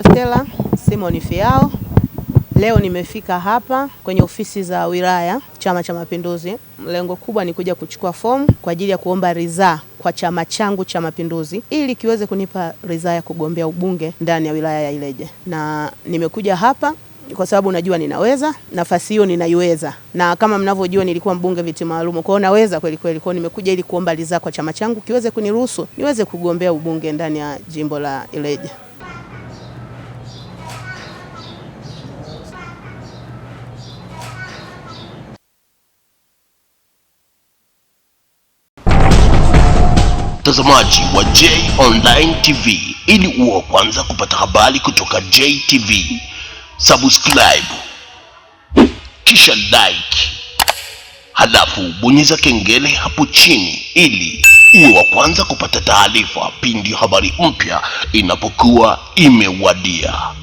Stella Simon Fiao. Leo nimefika hapa kwenye ofisi za wilaya Chama cha Mapinduzi. Lengo kubwa ni kuja kuchukua fomu kwa ajili ya kuomba ridhaa kwa chama changu cha Mapinduzi ili kiweze kunipa ridhaa ya kugombea ubunge ndani ya wilaya ya Ileje, na nimekuja hapa kwa sababu najua ninaweza, nafasi hiyo ninaiweza, na kama mnavyojua nilikuwa mbunge viti maalum, kwa hiyo naweza kweli kweli. Kwa hiyo nimekuja ili kuomba ridhaa kwa chama changu kiweze kuniruhusu niweze kugombea ubunge ndani ya jimbo la Ileje. mtazamaji wa J Online TV, ili uwe wa kwanza kupata habari kutoka JTV, subscribe kisha like, halafu bonyeza kengele hapo chini ili uwe wa kwanza kupata taarifa pindi habari mpya inapokuwa imewadia.